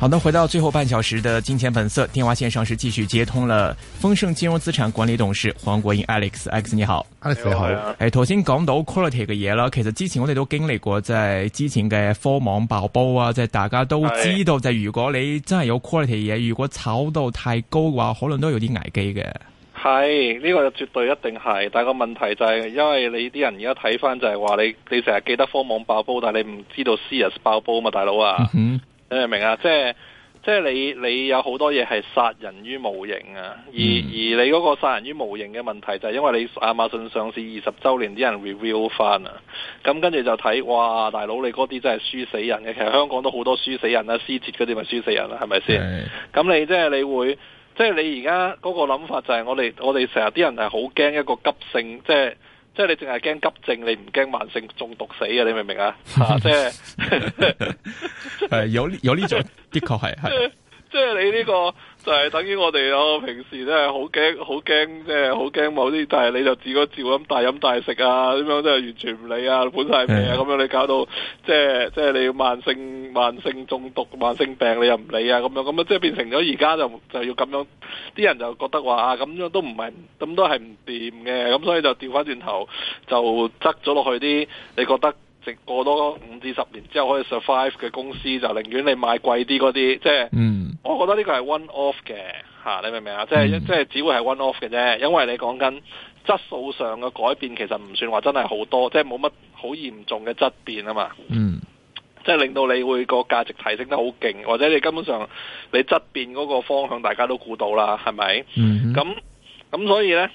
好的，回到最後半小時的金錢本色，電話線上是繼續接通了豐盛金融資產管理董事黃國英 Alex，Alex 你好，Alex X，你好。誒，頭先講到 quality 嘅嘢啦，其實之前我哋都經歷過，即係之前嘅科網爆煲啊，即係大家都知道，即係如果你真係有 quality 嘢，如果炒到太高嘅話，可能都有啲危機嘅。係，呢個絕對一定係，但係個問題就係，因為你啲人而家睇返就係話你，你成日記得科網爆煲，但係你唔知道 CS 爆煲啊嘛，大佬啊。嗯你明唔明啊？即係即係你，你有好多嘢係殺人於無形啊！而、嗯、而你嗰個殺人於無形嘅問題就係因為你亞馬遜上市二十週年啲人 review 翻啊！咁跟住就睇哇，大佬你嗰啲真係輸死人嘅、啊。其實香港都好多輸死人啦、啊，思捷嗰啲咪輸死人啦、啊，係咪先？咁是你即係你會，即係你而家嗰個諗法就係我哋我哋成日啲人係好驚一個急性即係。即係你淨係驚急症，你唔驚慢性中毒死嘅，你明唔明啊？即係，誒，有呢有呢種的，的確係係，即係你呢個。就係等於我哋有平時真即係好驚好驚即係好驚某啲，但係你就自個照咁大飲大食啊，咁樣即係完全唔理啊，本身命咩啊咁樣，你搞到即係即係你慢性慢性中毒、慢性病，你又唔理啊咁樣，咁啊即係變成咗而家就就要咁樣，啲人就覺得話啊咁樣都唔係咁都係唔掂嘅，咁所以就掉翻轉頭就執咗落去啲，你覺得？直過多五至十年之後可以 survive 嘅公司，就寧願你買貴啲嗰啲，即係，嗯、我覺得呢個係 one off 嘅嚇、啊，你明唔明啊？即係即係，嗯、只會係 one off 嘅啫，因為你講緊質素上嘅改變，其實唔算話真係好多，即係冇乜好嚴重嘅質變啊嘛。嗯，即係令到你會個價值提升得好勁，或者你根本上你質變嗰個方向大家都估到啦，係咪？咁咁、嗯嗯、所以呢，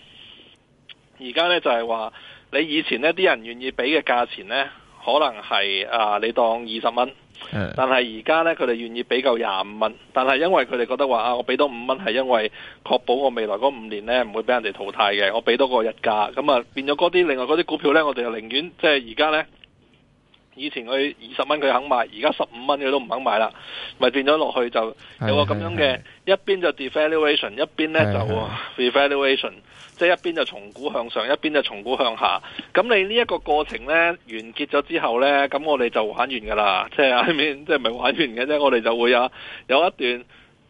而家呢就係話你以前呢啲人，人願意俾嘅價錢呢。可能係啊，你當二十蚊，但係而家呢，佢哋願意俾夠廿五蚊，但係因為佢哋覺得話啊，我俾多五蚊係因為確保我未來嗰五年呢唔會俾人哋淘汰嘅，我俾多個日價，咁啊變咗嗰啲另外嗰啲股票呢，我哋就寧願即係而家呢。以前佢二十蚊佢肯買，而家十五蚊佢都唔肯買啦，咪變咗落去就有個咁樣嘅，是的 一邊就 devaluation，< 是的 S 1> 一邊咧就 revaluation，即係一邊就從古向上，一邊就從古向下。咁你呢一個過程咧，完結咗之後咧，咁我哋就玩完嘅啦，即係喺面即係咪玩完嘅啫？我哋就會有有一段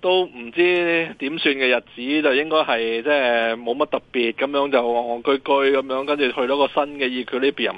都唔知點算嘅日子，就應該係即係冇乜特別咁樣，就戇戇居居咁樣，跟住去到個新嘅 equilibrium 呢邊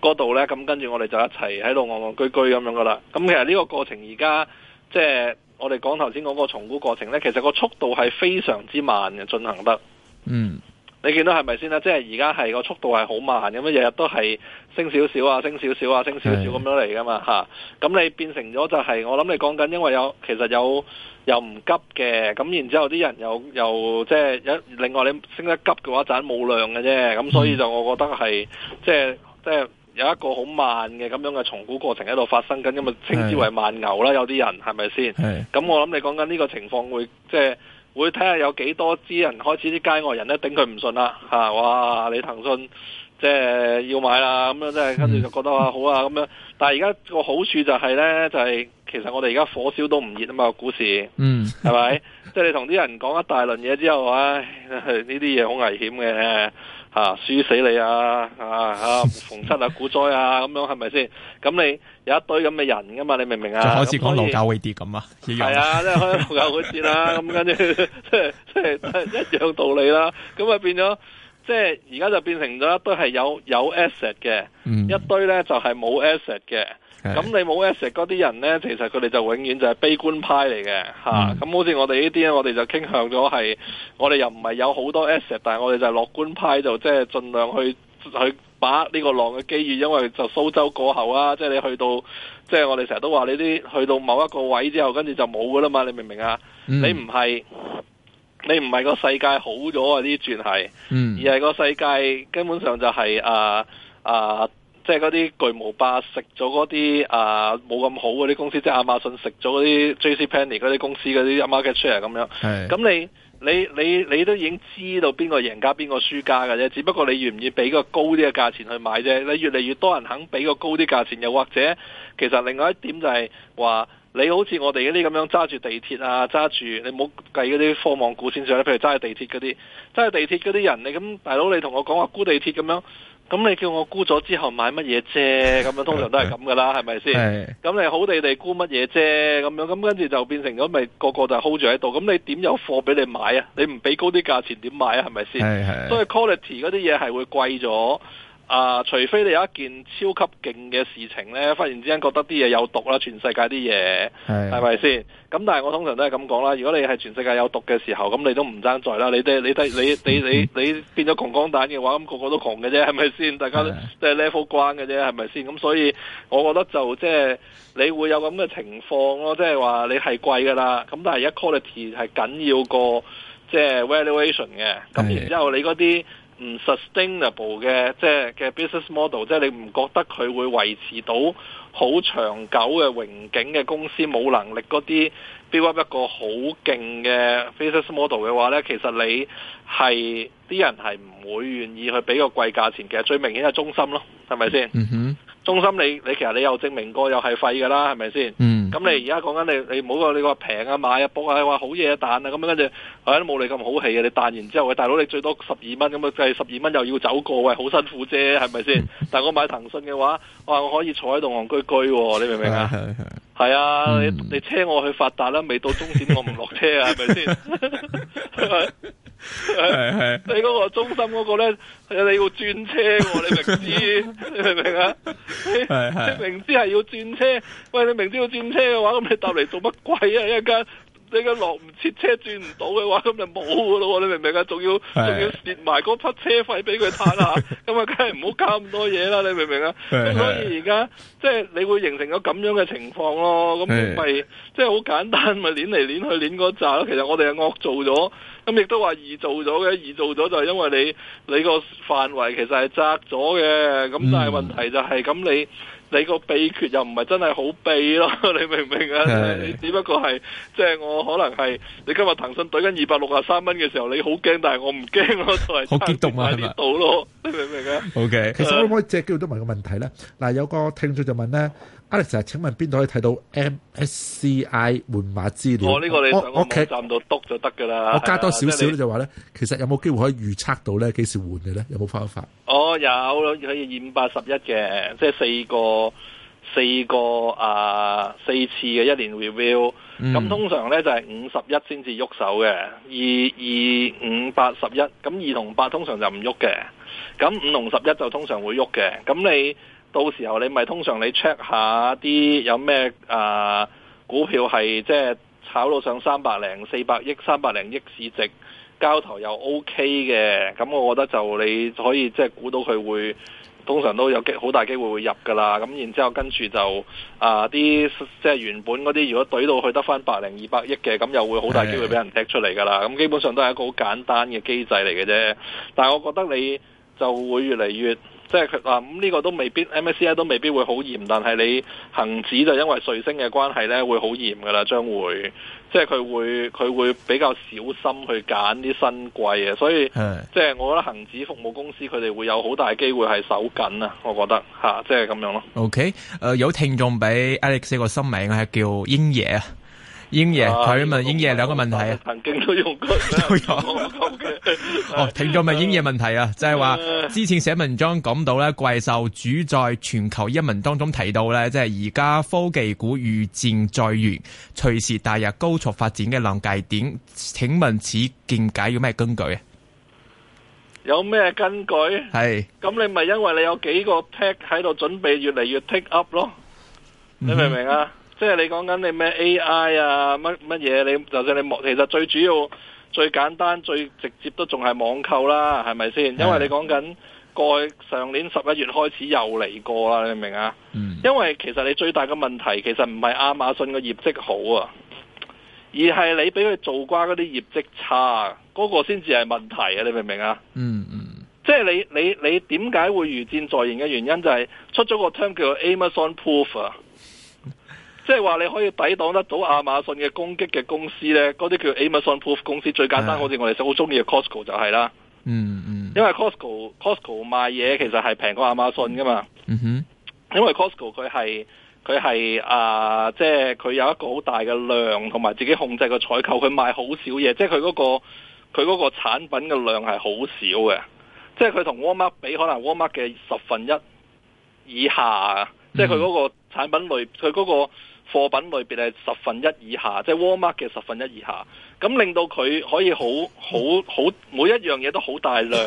嗰度呢，咁跟住我哋就一齊喺度戇戇居居咁樣噶啦。咁其實呢個過程而家即係我哋講頭先嗰個重估過程呢，其實個速度係非常之慢嘅進行得。嗯。你見到係咪先啦？即係而家係個速度係好慢咁樣，日日都係升少少啊，升少少啊，升少少、啊、升少少咁、啊、樣嚟噶嘛嚇。咁的、啊、你變成咗就係、是、我諗你講緊，因為有其實有又唔急嘅，咁然之後啲人又又即係一另外你升得急嘅話盞冇量嘅啫。咁所以就我覺得係、嗯、即係即係有一個好慢嘅咁樣嘅重估過程喺度發生緊，咁啊稱之為慢牛啦。有啲人係咪先？咁的的我諗你講緊呢個情況會即係。會睇下有幾多支人開始，啲街外人咧頂佢唔順啦嚇哇！你騰訊即係要買啦，咁樣，即係跟住就覺得話好啊咁樣。但係而家個好處就係、是、咧，就係、是、其實我哋而家火燒都唔熱啊嘛，股市嗯，係咪？即係你同啲人講一大輪嘢之後，唉，呢啲嘢好危險嘅。啊輸死你啊！啊逢七啊逢身啊股災啊咁樣係咪先？咁你有一堆咁嘅人噶嘛？你明唔明啊？ 就好似講樓價會跌咁啊，係啊， 就是，即係開樓價會跌啦，咁跟住即係即係一樣道理啦。咁啊變咗，即係而家就變成咗一堆係有有 asset 嘅，嗯，一堆咧就係冇 asset 嘅。咁、嗯、你冇 asset 啲人呢，其實佢哋就永遠就係悲觀派嚟嘅吓。咁、嗯啊、好似我哋呢啲我哋就傾向咗係，我哋又唔係有好多 asset，但係我哋就係樂觀派，就即係盡量去去把握呢個浪嘅機遇，因為就蘇州過後啊，即、就、係、是、你去到，即、就、係、是、我哋成日都話你啲去到某一個位之後，跟住就冇噶啦嘛，你明唔明啊？你唔係你唔係個世界好咗啊？呢轉係，嗯、而係個世界根本上就係、是、啊啊。啊即係嗰啲巨無霸食咗嗰啲啊，冇咁好嗰啲公司，即係亞馬遜食咗嗰啲 J.C. Penney 嗰啲公司嗰啲 market share 咁樣。係，咁你你你你都已經知道邊個贏家邊個輸家嘅啫。只不過你願唔願俾個高啲嘅價錢去買啫。你越嚟越多人肯俾個高啲價錢，又或者其實另外一點就係話，你好似我哋嗰啲咁樣揸住地鐵啊，揸住你冇計嗰啲科網股先算啦。譬如揸地鐵嗰啲揸地鐵嗰啲人，你咁大佬，你同我講話估地鐵咁樣。咁你叫我沽咗之後買乜嘢啫？咁樣通常都係咁噶啦，係咪先？咁 你好哋哋沽乜嘢啫？咁樣咁跟住就變成咗，咪、就係、個個就 hold 住喺度。咁你點有貨俾你買啊？你唔俾高啲價錢點買啊？係咪先？ 所以 quality 嗰啲嘢係會貴咗。啊，除非你有一件超級勁嘅事情咧，忽然之間覺得啲嘢有毒啦，全世界啲嘢，係係咪先？咁但係我通常都係咁講啦。如果你係全世界有毒嘅時候，咁你都唔爭在啦。你啲你啲你你你你，你，你變咗窮光蛋嘅話，咁、那個、個個都窮嘅啫，係咪先？大家都是的 即係 level 關嘅啫，係咪先？咁所以我覺得就即係你會有咁嘅情況咯，即係話你係貴噶啦。咁但係 equality 係緊要過即係 valuation 嘅。咁然之後你嗰啲，唔 sustainable 嘅，即係嘅 business model，即係你唔覺得佢會維持到好長久嘅榮景嘅公司，冇能力嗰啲 build up 一個好勁嘅 business model 嘅話呢，其實你係啲人係唔會願意去俾個貴價錢。其實最明顯係中心咯，係咪先？嗯哼。中心你你其實你又證明過又係廢嘅啦，係咪先？咁、嗯、你而家講緊你你唔好你話平啊買啊博啊話好嘢啊彈啊咁樣跟住係都冇你咁好氣嘅、啊，你彈完之後喂大佬你最多十二蚊咁啊計十二蚊又要走過喂好、哎、辛苦啫係咪先？是是嗯、但係我買騰訊嘅話，我話我可以坐喺度憨居居喎、喔，你明唔明、嗯、啊？係啊、嗯，你你車我去發達啦，未到終點我唔落車啊，係咪先？ 係係， 是是你嗰個中心嗰個咧，你要轉車，你明知， 你明唔明啊？你，是是你明知係要轉車，喂，你明知要轉車嘅話，咁你搭嚟做乜鬼啊？一間你個落唔切車轉唔到嘅話，咁就冇噶咯，你明唔明啊？仲要仲是要蝕埋嗰筆車費俾佢嘆下，咁啊，梗係唔好搞咁多嘢啦，你明唔明啊？是是所以而家即係你會形成咗咁樣嘅情況咯，咁咪即係好簡單，咪捻嚟捻去捻嗰扎咯。其實我哋係惡做咗。咁亦都話易做咗嘅，易做咗就係因為你你個範圍其實係窄咗嘅，咁但係問題就係、是、咁你你個秘訣又唔係真係好秘咯，你明唔明啊？的你只不過係即係我可能係你今日騰訊懟緊二百六啊三蚊嘅時候，你好驚，但係我唔驚，我係好激動啊，呢度好咯，你明唔明啊？OK，的其實可唔可以借機會都問個問題咧？嗱、啊，有個聽眾就問咧。Alex，請問邊度可以睇到 MSCI 換碼資料？我呢、哦這個你上屋企、哦 okay。站到篤就得噶啦。我加多少少咧就話咧，你其實有冇機會可以預測到咧幾時換嘅咧？有冇方法？哦，有，可以二五八十一嘅，即係四個四個啊四次嘅一年 review，嗯。咁通常咧就係五十一先至喐手嘅，二二五八十一。咁二同八通常就唔喐嘅，咁五同十一就通常會喐嘅。咁你。到時候你咪通常你 check 下啲有咩啊、呃、股票係即係炒到上三百零四百億、三百零億市值，交投又 O K 嘅，咁我覺得就你可以即係、就是、估到佢會通常都有好大機會會入㗎喇。咁然之後跟住就啊啲即係原本嗰啲如果懟到去得返百零二百億嘅，咁又會好大機會俾人踢出嚟㗎喇。咁的基本上都係一個好簡單嘅機制嚟嘅啫，但係我覺得你。就會越嚟越即係佢話咁呢個都未必 MSCI 都未必會好嚴，但係你恒指就因為瑞星嘅關係咧，會好嚴噶啦，將會即係佢會佢會比較小心去揀啲新貴啊，所以是的 即係我覺得恒指服務公司佢哋會有好大機會係守緊啊，我覺得嚇、啊，即係咁樣咯。OK，誒、uh, 有聽眾俾 Alex 個新名係叫英爺啊。英爺，佢、啊、問英爺兩個問題啊，曾經都用過，都 有哦。聽咗問英爺問題啊， 就係話說、呃、之前寫文章講到咧，怪獸主在全球一文當中提到咧，即係而家科技股遇戰在源，隨時踏入高速發展嘅臨界點。請問此見解有咩根據啊？有咩根據？係咁是，你咪因為你有幾個 tag 喺度準備越嚟越 take up 咯，你明唔明啊？嗯即係你講緊你咩 AI 啊，乜乜嘢？你就算你其實最主要、最簡單、最直接都仲係網購啦，係咪先？因為你講緊過去上年十一月開始又嚟過啦，你明唔明啊？因為其實你最大嘅問題，其實唔係亞馬遜嘅業績好啊，而係你俾佢做瓜嗰啲業績差，嗰個先至係問題啊！你明唔明啊？嗯嗯。 即係你你你點解會如箭在弦嘅原因就係出咗個 term 叫 Amazon Proof 啊！即係話你可以抵擋得到亞馬遜嘅攻擊嘅公司咧，嗰啲叫 Amazon-proof 公司，最簡單好似唉我哋好中意嘅 Costco 就係、是、啦、嗯。嗯嗯。因為 Costco，Costco 賣嘢其實係平過亞馬遜噶嘛。嗯、哼。因為 Costco 佢係佢係啊、呃，即係佢有一個好大嘅量，同埋自己控制嘅採購，佢賣好少嘢，即係佢嗰個佢嗰個產品嘅量係好少嘅。即係佢同沃爾瑪比，可能沃爾瑪嘅十分一以下，即係佢嗰個產品類，佢嗰個。貨品類別係十分一以下，即係 Walmart 嘅十分一以下，咁令到佢可以好好好每一樣嘢都好大量，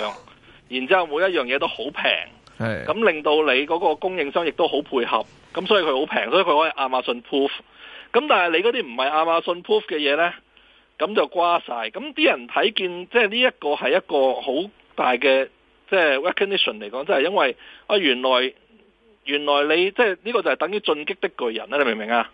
然之後每一樣嘢都好平，咁的令到你嗰個供應商亦都好配合，咁所以佢好平，所以佢可以亞馬遜 Proof。咁但係你嗰啲唔係亞馬遜 Proof 嘅嘢呢，咁就瓜晒。咁啲人睇見即係呢一個係一個好大嘅即係 Recognition 嚟講，即係因為啊、哎、原來。原來你即係呢個就係等於進擊的巨人啦，你明唔明啊？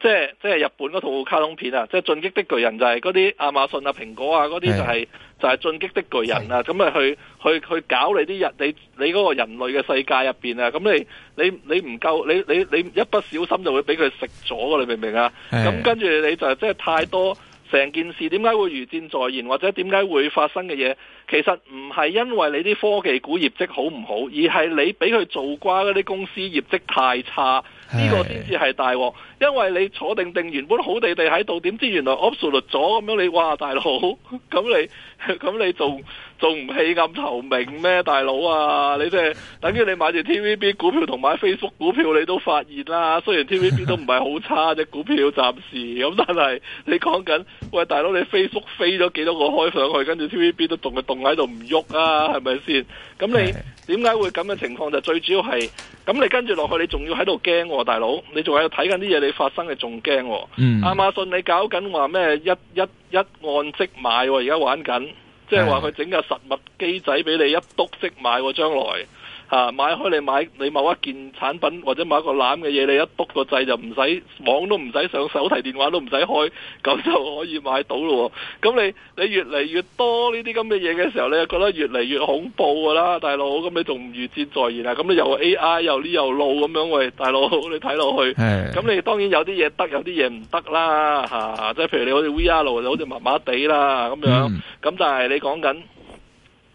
即係即係日本嗰套卡通片啊，即係進擊的巨人就係嗰啲亞馬遜啊、蘋果啊嗰啲就係、是、就係、是、進擊的巨人啊。咁咪的去去去搞你啲人，你你嗰個人類嘅世界入邊啊，咁你你你唔夠你你你一不小心就會俾佢食咗噶，你明唔明啊？咁的跟住你就係即係太多。成件事點解會如箭在弦，或者點解會發生嘅嘢，其實唔係因為你啲科技股業績好唔好，而係你俾佢做瓜嗰啲公司業績太差，呢個先至係大鑊。因為你坐定定，原本好地地喺度，點知原來 obsolete 咗咁樣你？你哇，大佬，咁你咁你仲仲唔棄暗投明咩？大佬啊，你即係等於你買住 TVB 股票同買 Facebook 股票，你都發現啦。雖然 TVB 都唔係好差隻股票暫時咁，但係你講緊喂，大佬你 Facebook 飛咗幾多個開上去，跟住 TVB 都仲係凍喺度唔喐啊？係咪先？咁你點解會咁嘅情況？就最主要係咁。你跟住落去，你仲要喺度驚喎，大佬，你仲喺度睇緊啲嘢你，發生嘅仲驚，嗯、亞馬遜你搞緊話咩？一一一按即買、哦，而家玩緊，即係話佢整個實物機仔俾你一篤即買、哦，將來。啊！買開你買你某一件產品或者買個攬嘅嘢，你一篤個掣就唔使網都唔使上，手提電話都唔使開，咁就可以買到咯。咁你你越嚟越多呢啲咁嘅嘢嘅時候，你又覺得越嚟越恐怖㗎啦，大佬。咁你仲唔預佔在先啊？咁你又 AI 又呢又路，咁樣喂，大佬你睇落去。係嘅。咁你當然有啲嘢得，有啲嘢唔得啦。嚇、啊！即係譬如你好似 VR 就好似麻麻地啦咁樣。嗯。咁但係你講緊。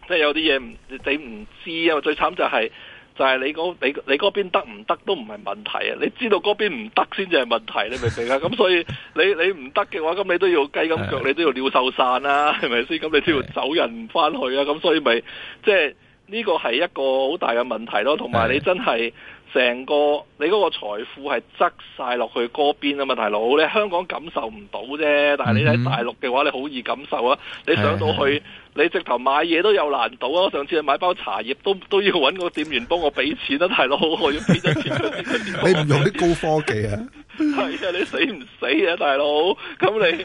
即係有啲嘢唔你唔知啊，最慘就係就係你嗰你你嗰邊得唔得都唔係問題啊，你知道嗰邊唔得先至係問題，你明唔明啊？咁 所以你你唔得嘅話，咁你都要雞咁腳，你都要鳥獸散啦，係咪先？咁你都要走人返去啊！咁所以咪、就係、即係呢個係一個好大嘅問題咯，同埋你真係。 成個你嗰個財富係側晒落去嗰邊啊嘛，大佬，你香港感受唔到啫。但係你喺大陸嘅話，你好易感受啊。你上到去，嗯、你直頭買嘢都有難度啊。的我上次買包茶葉都都要揾個店員幫我畀錢啊，大佬。我要畀一分錢。你唔用啲高科技啊？係啊， 你死唔死啊，大佬？咁你？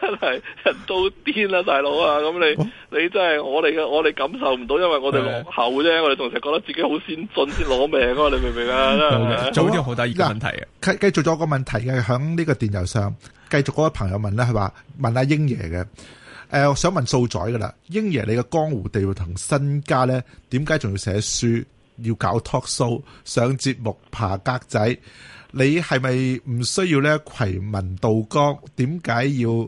真係 人都癲啦，大佬啊！咁你、哦、你真係我哋嘅，我哋感受唔到，因為我哋落後啫。的我哋同時覺得自己好先進，先攞命，啊。 你明唔明啊？好嘅，早啲好答熱問題啊！繼繼續咗個問題嘅，響呢個電郵上，繼續嗰個朋友問啦，佢話問阿英爺嘅，誒、呃，我想問數載噶啦，英爺你嘅江湖地位同身家咧，點解仲要寫書，要搞 talk show，上節目爬格仔？你係咪唔需要咧攜民渡江？點解要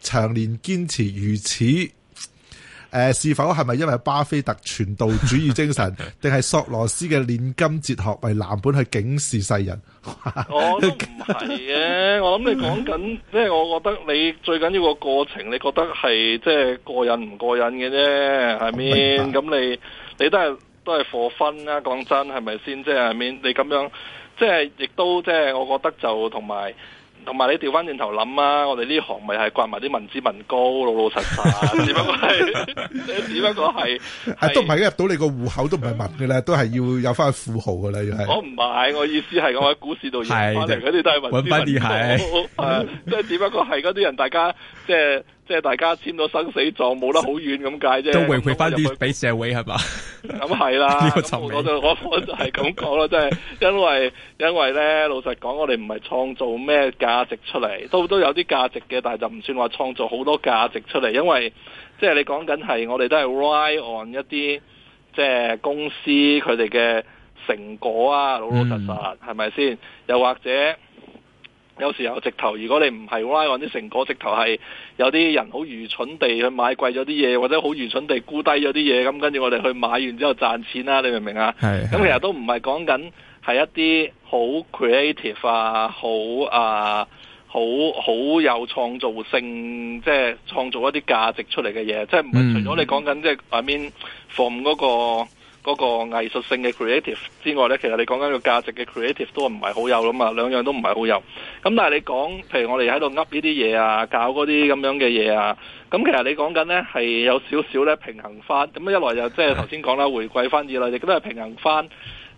長年堅持如此？誒、呃，是否係咪因為巴菲特傳道主義精神，定係索羅斯嘅煉金哲學為藍本去警示世人？我都唔係嘅。 我諗你講緊，即係 我覺得你最緊要個過程，你覺得係即係過癮唔過癮嘅啫，係咪？咁你你都係都係 for fun 啦。講真係咪先？即係係咪？你咁樣。即係，亦都即係，我覺得就同埋同埋，你調翻轉頭諗啊！我哋呢行咪係掛埋啲民脂民膏，老老實實，只不過係，只不過係，係都唔係入到你個戶口都文，都唔係文嘅咧，都係要有翻富豪嘅咧，又係。我唔買，我意思係我喺股市度揾翻嚟嗰啲都係民脂民膏，揾翻啲係，即係、啊、 只不過係嗰啲人，大家即係。即係大家簽咗生死狀，冇得好遠咁解啫。都回饋翻啲俾社會係嘛？咁係啦。我就我就係咁講啦，即係因為因為咧，老實講，我哋唔係創造咩價值出嚟，都都有啲價值嘅，但係就唔算話創造好多價值出嚟。因為即係、就是、你講緊係我哋都係 ride on 一啲即係公司佢哋嘅成果啊，老老實實係咪先？又或者？有時候直頭，如果你唔係拉運啲成果，直頭係有啲人好愚蠢地去買貴咗啲嘢，或者好愚蠢地估低咗啲嘢，咁跟住我哋去買完之後賺錢啦，你明唔明啊？係。咁其實都唔係講緊係一啲好 creative 啊，好啊，好好有創造性，即係創造一啲價值出嚟嘅嘢，即係唔係除咗你講緊、嗯、即係外面服務嗰個。嗰個藝術性嘅 creative 之外呢，其實你講緊個價值嘅 creative 都唔係好有啦嘛，兩樣都唔係好有。咁但係你講，譬如我哋喺度噏呢啲嘢啊，搞嗰啲咁樣嘅嘢啊，咁其實你講緊呢係有少少呢平衡翻。咁一來就即係頭先講啦，回歸翻；二來亦都係平衡翻，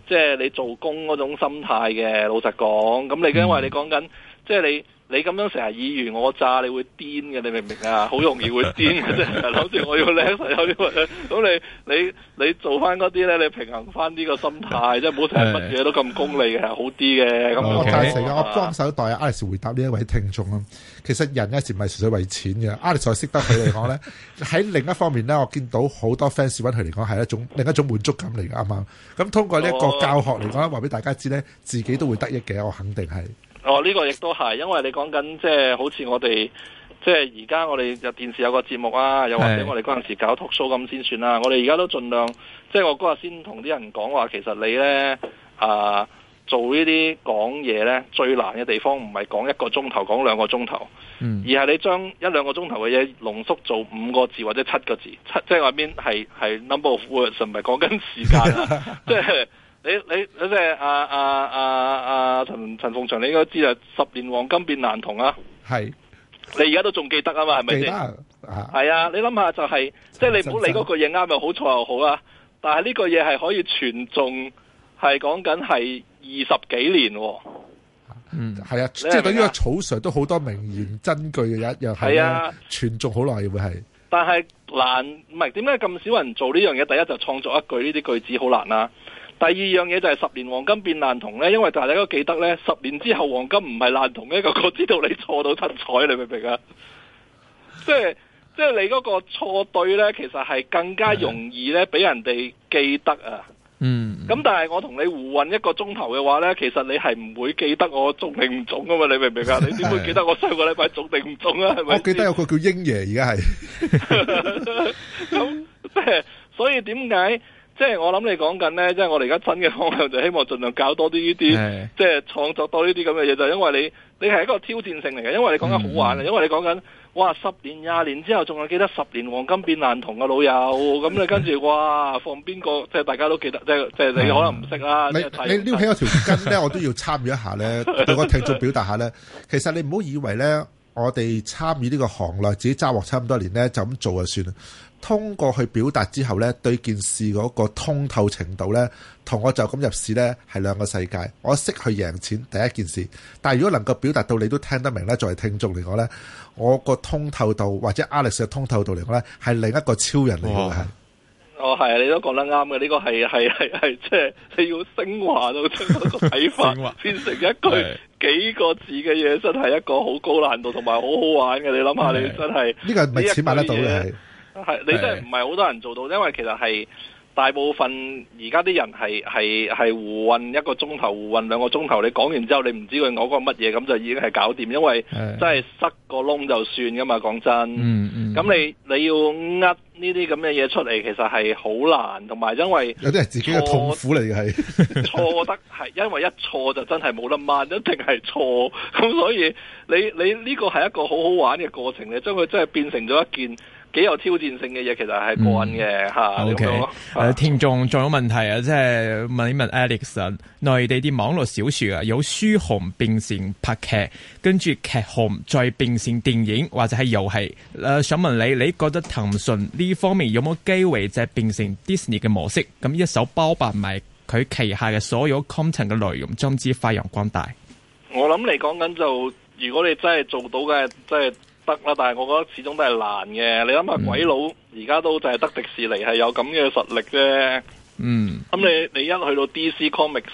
即係你做工嗰種心態嘅。老實講，咁你因為你講緊，即係你。你咁樣成日爾虞我詐，你會癲嘅，你明唔明啊？好容易會癲嘅啫，諗住 我要叻，成有啲咁你你你做翻嗰啲咧，你平衡翻呢個心態，即係唔好成日乜嘢都咁功利嘅， 好啲嘅。咁 Okay. 我暫時嘅，我幫手代阿 Alex 回答呢一位聽眾啊。其實人一時唔係純粹為錢嘅，Alex 喺識得佢嚟講咧，喺另一方面咧，我見到好多 fans 揾佢嚟講係一種另一種滿足感嚟嘅，啱、嗯、啱？咁通過呢一個教學嚟講咧，話俾大家知咧，自己都會得益嘅，我肯定係。哦，呢、這個亦都係，因為你講緊即係好似我哋即係而家我哋有電視有個節目啊，又的或者我哋嗰陣時搞 talk show 咁先算啦、啊的就是。我哋而家都盡量，即係我嗰日先同啲人講話，其實你呢，啊做呢啲講嘢呢，最難嘅地方唔係講一個鐘頭，講兩個鐘頭，嗯、而係你將一兩個鐘頭嘅嘢濃縮做五個字或者七個字，七即係我 mean 係係 number of words，唔係講緊時間啊，即係。 你你嗰隻阿阿阿阿陳陳鳳祥，你應該知啊，十年黃金變難童啊，係是你而家都仲記得啊嘛，係咪先？係啊，啊你諗下就係、是，真真即係你估你嗰句嘢啱又好錯又好啦，但係呢句嘢係可以傳頌，係講緊係二十幾年、啊。嗯，係啊，即係等於個曹 Sir 都好多名言真句嘅一樣係啊，傳頌好耐會係。但係難唔係？點解咁少人做呢樣嘢？第一就創作一句呢啲句子好難啊。第二樣嘢就係十年黃金變爛銅咧，因為大家都記得咧，十年之後黃金唔係爛銅，一個個知道你錯到七彩，你明唔明啊？即係即係你嗰個錯對咧，其實係更加容易咧俾人哋記得啊。嗯，咁但係我同你胡混一個鐘頭嘅話咧，其實你係唔會記得我中定唔中噶嘛？你明唔明啊？你點會記得我上個禮拜中定唔中啊？係咪？ 我記得有個叫英爺而家係，咁即係所以點解？即係我諗你講緊咧，即係我哋而家新嘅方向，就希望盡量搞多啲呢啲，即係創作多呢啲咁嘅嘢，就係因為你你係一個挑戰性嚟嘅，因為你講緊好玩啊，嗯、因為你講緊哇十年廿年之後仲係記得十年黃金變爛銅嘅老友，咁你跟住哇放邊個，即係大家都記得，即係即係你可能唔識啦。你撩起我條筋咧， 我都要參與一下咧，對我聽眾表達下咧， 其實你唔好以為咧。 我哋參與呢個行內，自己揸貨差唔多年呢，就咁做就算啦。通過去表達之後呢，對件事嗰個通透程度呢，同我就咁入市呢，係兩個世界。我識去贏錢第一件事，但係如果能夠表達到你都聽得明咧，作為聽眾嚟講呢，我個通透度或者 Alex 嘅通透度嚟講呢，係另一個超人嚟嘅。哦，係啊，你都講得啱嘅，呢、這個係係係係，即係、就是、你要升華到出嗰個睇法， 華變成一句幾個字嘅嘢，的真係一個好高難度同埋好好玩嘅。你諗下，的你真係呢個係唔似買得到嘅，係的你真係唔係好多人做到，因為其實係。大部分而家啲人係係係胡混一個鐘頭胡混兩個鐘頭，你講完之後你唔知佢講過乜嘢，咁就已經係搞掂，因為真係塞個窿就算噶嘛。講真嗯，嗯嗯，咁你你要呃呢啲咁嘅嘢出嚟，其實係好難，同埋因為有啲係自己嘅痛苦嚟嘅，係錯得係 因為一錯就真係冇得問，一定係錯。咁所以你你呢個係一個好好玩嘅過程，你將佢真係變成咗一件。幾有挑戰性嘅嘢，其實係過癮嘅吓。O K，誒，聽眾仲有問題啊，即係問一問 Alex 啊，內地啲網絡小說啊，有書紅變成拍劇，跟住劇紅再變成電影或者係遊戲誒，想問你，你覺得騰訊呢方面有冇機會就係變成 Disney 嘅模式？咁一手包辦埋佢旗下嘅所有 content 嘅內容，將之發揚光大。我諗嚟講緊就，如果你真係做到嘅，真係。得啦，但係我覺得始終都係難嘅。你諗下鬼佬而家都就係得迪士尼係有咁嘅實力啫。嗯，咁你你一去到 D C Comics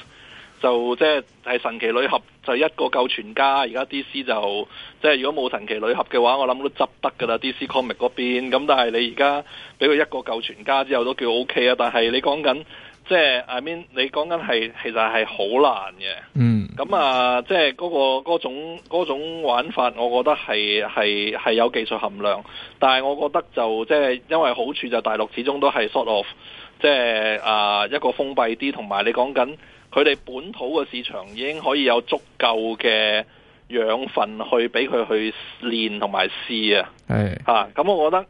就即係神奇女俠就一個救全家。而家 D C 就即係如果冇神奇女俠嘅話，我諗都執得噶啦。D C Comics 嗰邊，咁但係你而家俾佢一個救全家之後都叫 O K 啊。但係你講緊。即係阿 Min，你講緊係其實係好難嘅。嗯。咁啊，即係嗰個嗰種嗰種玩法，我覺得係係係有技術含量。但係我覺得就即係因為好處就大陸始終都係 sort of，即係啊、呃、一個封閉啲，同埋你講緊佢哋本土嘅市場已經可以有足夠嘅養分去俾佢去練同埋試啊。係。嚇！咁我覺得。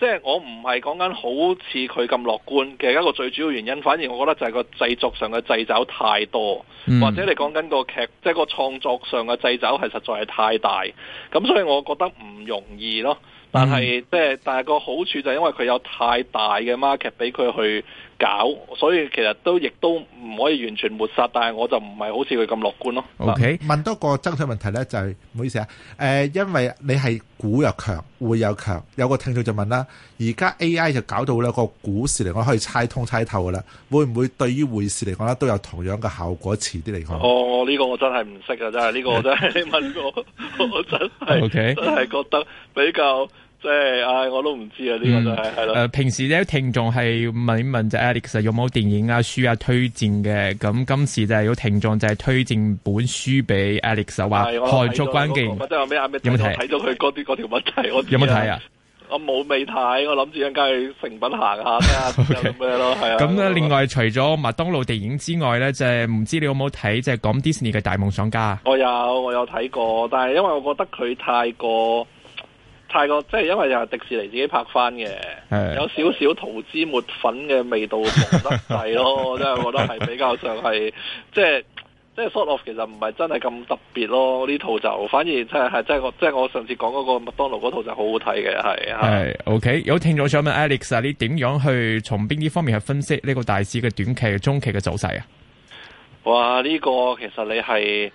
即係我唔係講緊好似佢咁樂觀嘅一個最主要原因，反而我覺得就係個製作上嘅掣肘太多，嗯、或者你講緊個劇即係、就是、個創作上嘅掣肘係實在係太大，咁所以我覺得唔容易咯。但係即係但係個好處就係因為佢有太大嘅 market 俾佢去搞，所以其實都亦都唔可以完全抹殺，但係我就唔係好似佢咁樂觀咯。O Okay . K，問多個爭取問題咧，就係、是、唔好意思啊。誒，因為你係股又強，匯又強，有個聽眾就問啦，而家 A I 就搞到咧個股市嚟講可以猜通猜透噶啦，會唔會對於匯市嚟講咧都有同樣嘅效果？遲啲嚟講，哦，呢個我真係唔識噶，真係呢、這個我真係 你問我，我真係，Okay. 真係覺得比較。即係，唉，我都唔知啊，呢個就係係咯。誒，平時啲聽眾係問一問就 Alex 有冇電影啊、書啊推薦嘅，咁今次就係有聽眾就係推薦本書俾 Alex 啊，害足關鍵。即有冇睇？睇到佢嗰啲嗰條問題，我有冇睇啊？我冇未睇，我諗住陣間去成品行下咩啊？咁咩咯？係啊。咁咧，另外除咗麥當勞電影之外咧，就係唔知你有冇睇？即係講 Disney 嘅大夢想家。我有，我有睇過，但係因為我覺得佢太過。泰國即係因為又係迪士尼自己拍翻嘅，的有少少塗脂抹粉嘅味道冇得晒咯， 我真係覺得係比較上係即係即係 sort of，其實唔係真係咁特別咯。呢套就反而真係係真係我即係、就是、我上次講嗰個麥當勞嗰套就好好睇嘅係。係 OK，有聽眾想問 Alex 啊，你點樣去從邊啲方面去分析呢個大市嘅短期、中期嘅走勢啊？哇！呢、這個其實你係。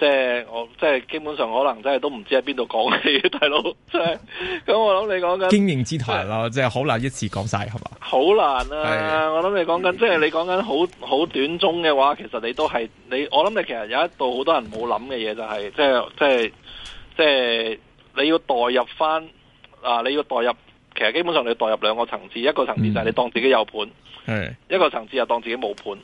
即係我，即係基本上可能，真係都唔知喺邊度講嘢，大佬。即係咁，我諗你講緊經驗之談啦，即係好難一次講晒，係嘛？好難啊！ 我諗你講緊，即係你講緊好好短中嘅話，其實你都係你，我諗你其實有一度好多人冇諗嘅嘢，就係即係即係即係你要代入翻啊！你要代入，其實基本上你要代入兩個層次，一個層次就係你當自己有盤，係一個層次又當自己冇盤。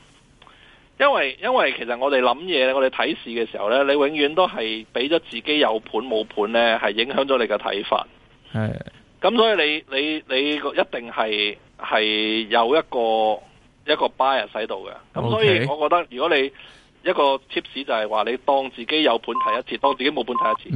因為因為其實我哋諗嘢咧，我哋睇市嘅時候咧，你永遠都係俾咗自己有盤冇盤咧，係影響咗你嘅睇法。係的，咁所以你你你一定係係有一個一個 bias 喺度嘅。咁所以我覺得，如果你一個 tips 就係話，你當自己有盤睇一次，當自己冇盤睇一次。嗯。